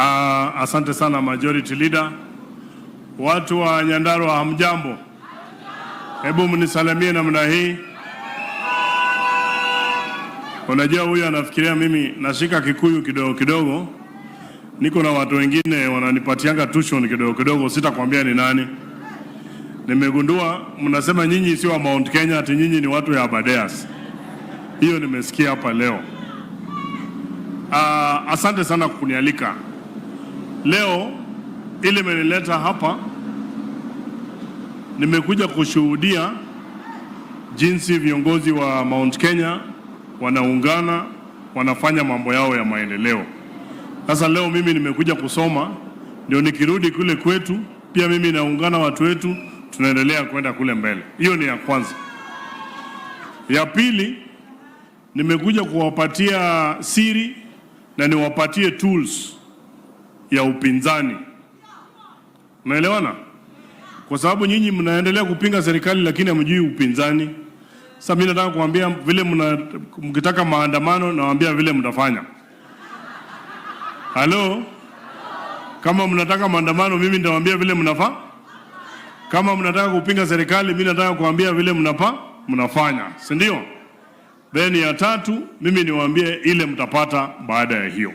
Uh, asante sana majority leader. Watu wa Nyandarua hamjambo? Hebu mnisalimie namna hii. Unajua, huyu anafikiria mimi nashika Kikuyu kidogo kidogo, niko na watu wengine wananipatianga tuition kidogo kidogo, sitakwambia ni nani. Nimegundua mnasema nyinyi sio wa Mount Kenya, ati nyinyi ni watu ya Abadeas. Hiyo nimesikia hapa leo. Uh, asante sana kunialika. Leo ile imenileta hapa, nimekuja kushuhudia jinsi viongozi wa Mount Kenya wanaungana, wanafanya mambo yao ya maendeleo. Sasa leo mimi nimekuja kusoma, ndio nikirudi kule kwetu pia mimi naungana watu wetu, tunaendelea kwenda kule mbele. Hiyo ni ya kwanza. Ya pili, nimekuja kuwapatia siri na niwapatie tools ya upinzani. Mnaelewana? Kwa sababu nyinyi mnaendelea kupinga serikali lakini hamjui upinzani. Sasa mimi nataka kuambia vile mna, mkitaka maandamano nawaambia vile mtafanya. Halo? Kama mnataka maandamano mimi nitawaambia vile mnafaa. Kama mnataka kupinga serikali mimi nataka kuambia vile mnapa mnafanya, si ndio? Then ya tatu mimi niwaambie ile mtapata baada ya hiyo.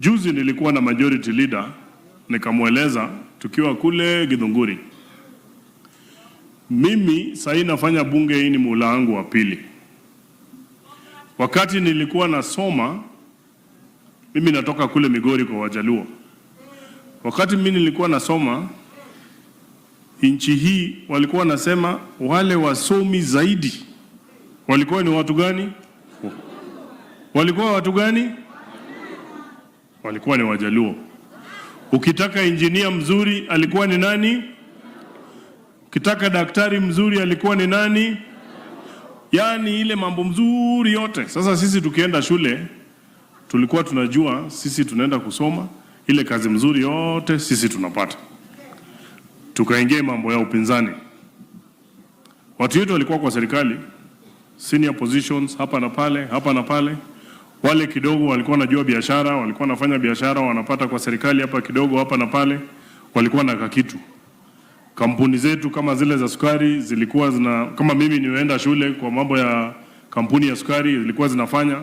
Juzi nilikuwa na majority leader nikamweleza tukiwa kule Githunguri, mimi sahii nafanya bunge, hii ni muhula wangu wa pili. Wakati nilikuwa nasoma, mimi natoka kule Migori kwa Wajaluo. Wakati mimi nilikuwa nasoma, nchi hii walikuwa nasema wale wasomi zaidi walikuwa ni watu gani? Walikuwa watu gani? walikuwa ni Wajaluo. Ukitaka injinia mzuri alikuwa ni nani? Ukitaka daktari mzuri alikuwa ni nani? Yaani ile mambo mzuri yote. Sasa sisi tukienda shule tulikuwa tunajua sisi tunaenda kusoma ile kazi mzuri yote sisi tunapata. Tukaingia mambo ya upinzani. Watu wetu walikuwa kwa serikali, senior positions hapa na pale, hapa na pale wale kidogo walikuwa wanajua biashara, walikuwa wanafanya biashara, wanapata kwa serikali hapa kidogo hapa na pale, walikuwa na kakitu. Kampuni zetu kama zile za sukari zilikuwa zina, kama mimi nimeenda shule kwa mambo ya kampuni ya sukari zilikuwa zinafanya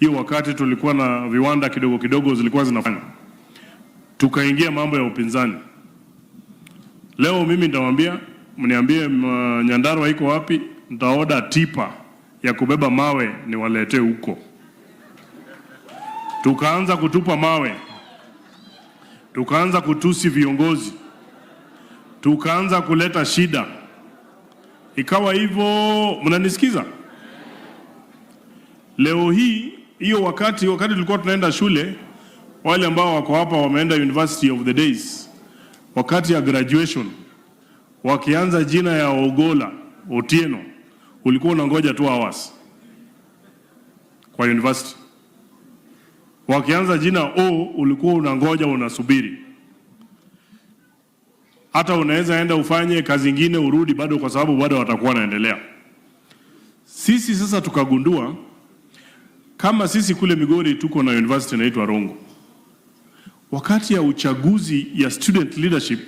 hiyo, wakati tulikuwa na viwanda kidogo kidogo zilikuwa zinafanya, tukaingia mambo ya upinzani. Leo mimi nitawaambia, mniambie Nyandarua iko wapi, nitaoda tipa ya kubeba mawe niwaletee huko tukaanza kutupa mawe, tukaanza kutusi viongozi, tukaanza kuleta shida. Ikawa hivyo, mnanisikiza? Leo hii hiyo, wakati wakati tulikuwa tunaenda shule, wale ambao wako hapa wameenda University of the Days, wakati ya graduation wakianza jina ya Ogola Otieno, ulikuwa unangoja tu hours kwa university. Wakianza jina O ulikuwa unangoja unasubiri, hata unaweza enda ufanye kazi ingine urudi bado, kwa sababu bado watakuwa wanaendelea. Sisi sasa tukagundua kama sisi kule Migori tuko na university inaitwa Rongo, wakati ya uchaguzi ya student leadership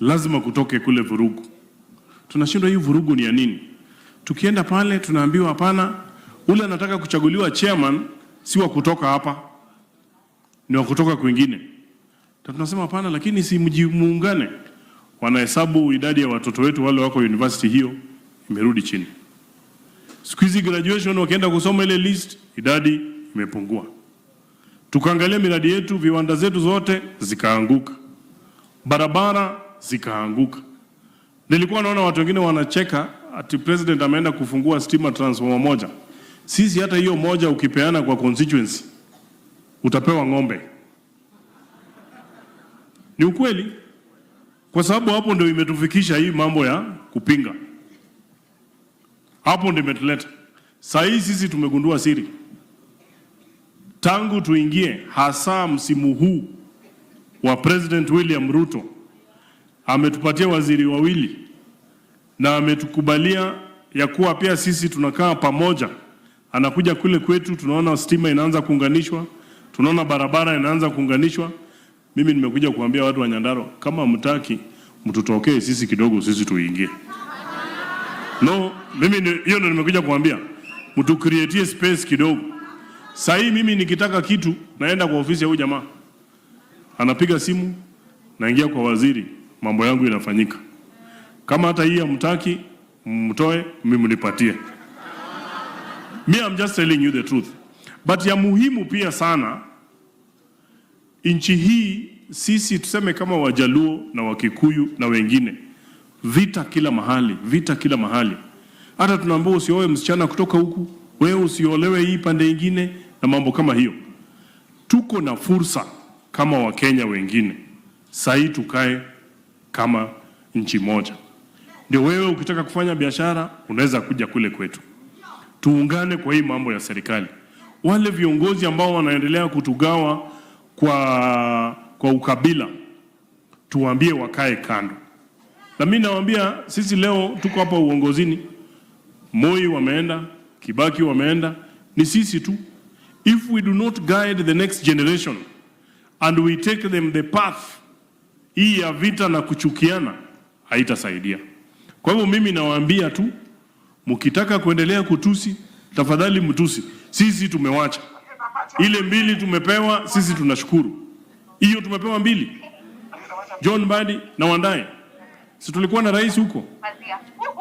lazima kutoke kule vurugu. Tunashindwa hii vurugu ni ya nini? Tukienda pale tunaambiwa hapana, ule anataka kuchaguliwa chairman si wa kutoka hapa ni wa kutoka kwingine. Tunasema hapana, lakini si mji Wanahesabu idadi ya watoto wetu wale wako university, hiyo imerudi chini. Siku hizi graduation, wakienda kusoma ile list, idadi imepungua. Tukaangalia miradi yetu, viwanda zetu zote zikaanguka, barabara zikaanguka. Nilikuwa naona watu wengine wanacheka ati president ameenda kufungua stima transformer moja. Sisi hata hiyo moja ukipeana kwa constituency utapewa ng'ombe. Ni ukweli, kwa sababu hapo ndio imetufikisha hii mambo ya kupinga, hapo ndio imetuleta saa hii. Sisi tumegundua siri tangu tuingie, hasa msimu huu wa President William Ruto ametupatia waziri wawili na ametukubalia ya kuwa pia sisi tunakaa pamoja. Anakuja kule kwetu, tunaona stima inaanza kuunganishwa, tunaona barabara inaanza kuunganishwa. Mimi nimekuja kuambia watu wa Nyandarua, kama mtaki mtutokee sisi kidogo, sisi tuingie. No, mimi hiyo ndo nimekuja kuambia mtu create space kidogo. Sasa hii mimi nikitaka kitu naenda kwa ofisi ya huyu jamaa, anapiga simu, naingia kwa waziri, mambo yangu inafanyika. Kama hata hii hamtaki, mtoe, mimi mnipatie. Me, I'm just telling you the truth. But ya muhimu pia sana nchi hii, sisi tuseme kama Wajaluo na Wakikuyu na wengine, vita kila mahali, vita kila mahali. Hata tunaambiwa usioe msichana kutoka huku, wewe usiolewe hii pande ingine na mambo kama hiyo. Tuko na fursa kama Wakenya wengine, sahii tukae kama nchi moja. Ndio wewe ukitaka kufanya biashara unaweza kuja kule kwetu, tuungane kwa hii mambo ya serikali wale viongozi ambao wanaendelea kutugawa kwa, kwa ukabila tuwaambie wakae kando. Na mimi nawaambia sisi leo tuko hapa uongozini, Moi wameenda, Kibaki wameenda, ni sisi tu. If we do not guide the next generation and we take them the path hii ya vita na kuchukiana, haitasaidia. Kwa hivyo mimi nawaambia tu, mkitaka kuendelea kutusi Tafadhali mtusi, sisi tumewacha ile mbili tumepewa sisi, tunashukuru hiyo tumepewa mbili. John Mbadi na Wandae, si tulikuwa na rais huko,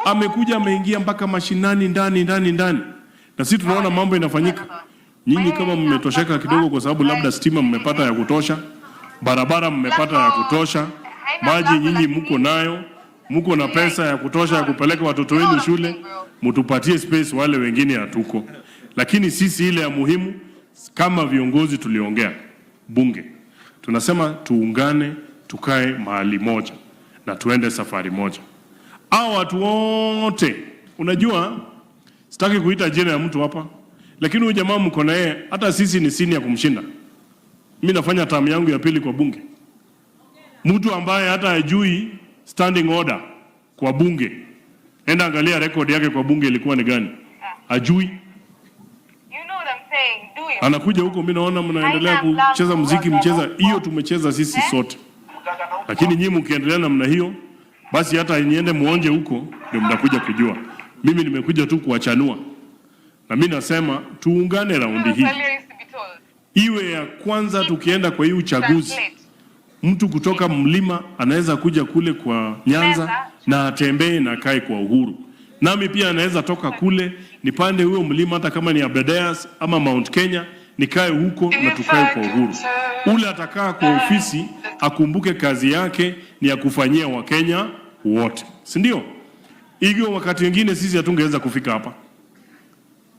amekuja ameingia mpaka mashinani ndani ndani ndani, na sisi tunaona mambo inafanyika Nyinyi kama mmetosheka kidogo, kwa sababu labda stima mmepata ya kutosha, barabara mmepata ya kutosha, maji nyinyi mko nayo mko na pesa ya kutosha ya kupeleka watoto wenu shule, mtupatie space wale wengine hatuko. Lakini sisi ile ya muhimu kama viongozi tuliongea bunge, tunasema tuungane, tukae mahali moja na tuende safari moja. au watu wote, unajua sitaki kuita jina ya mtu hapa, lakini huyu jamaa mko naye, hata sisi ni sini ya kumshinda. Mimi nafanya tamu yangu ya pili kwa bunge, mtu ambaye hata ajui standing order kwa bunge. Enda angalia record yake kwa bunge ilikuwa ni gani? Ah. Ajui. Anakuja huko, mimi naona mnaendelea kucheza muziki, mcheza hiyo tumecheza sisi eh? sote, lakini nyinyi mkiendelea namna hiyo, basi hata niende muonje huko, ndio mtakuja kujua. Mimi nimekuja tu kuwachanua, na mimi nasema tuungane raundi hii iwe ya kwanza, tukienda kwa hii uchaguzi mtu kutoka mlima anaweza kuja kule kwa Nyanza na atembee na kae kwa uhuru. Nami pia anaweza toka kule nipande huyo mlima, hata kama ni Aberdares ama Mount Kenya, nikae huko na tukae kwa uhuru. Ule atakaa kwa ofisi akumbuke kazi yake ni ya kufanyia Wakenya wote, si ndio? Hivyo wakati wengine sisi hatungeweza kufika hapa,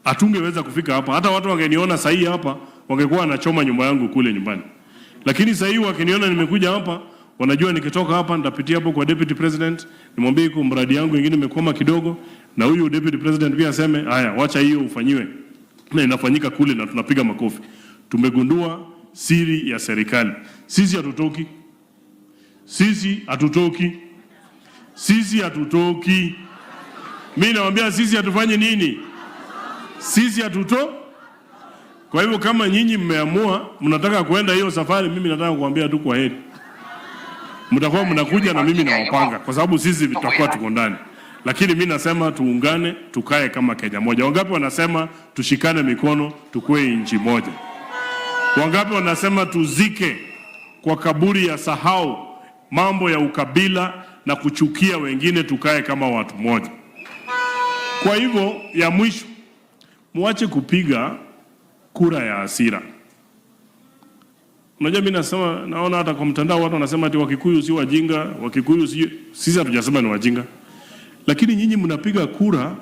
hatungeweza kufika hapa. Hata watu wangeniona sahii hapa wangekuwa wanachoma nyumba yangu kule nyumbani. Lakini sasa hivi wakiniona nimekuja hapa, wanajua nikitoka hapa nitapitia hapo kwa deputy president, nimwambie iko mradi yangu nyingine imekoma kidogo, na huyu deputy president pia aseme haya, wacha hiyo ufanyiwe, na inafanyika kule na tunapiga makofi. Tumegundua siri ya serikali. Sisi hatutoki, sisi hatutoki, sisi hatutoki. Mimi nawaambia sisi hatufanye nini? Sisi hatutoki. Kwa hivyo kama nyinyi mmeamua mnataka kwenda hiyo safari, mimi nataka kuambia tu kwa heri, mtakuwa mnakuja na mimi nawapanga, kwa sababu sisi tutakuwa tuko ndani. Lakini mi nasema tuungane, tukae kama Kenya moja. Wangapi wanasema tushikane mikono tukue nchi moja? Wangapi wanasema tuzike kwa kaburi ya sahau mambo ya ukabila na kuchukia wengine, tukae kama watu moja. Kwa hivyo ya mwisho, muache kupiga kura ya hasira. Unajua, mimi nasema, naona hata kwa mtandao watu wanasema ati Wakikuyu si wajinga, Wakikuyu si sisi. Hatujasema ni wajinga, lakini nyinyi mnapiga kura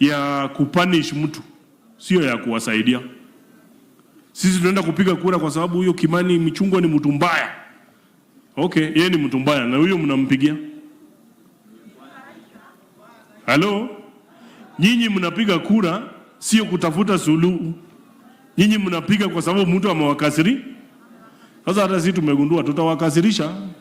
ya kupunish mtu, sio ya kuwasaidia. Sisi tunaenda kupiga kura kwa sababu huyo Kimani Michungwa ni mtu mbaya. Okay, yeye ni mtu mbaya na huyo mnampigia. Halo, nyinyi mnapiga kura sio kutafuta suluhu. Nyinyi mnapiga kwa sababu mtu amewakasiri. Sasa hata sisi tumegundua tutawakasirisha.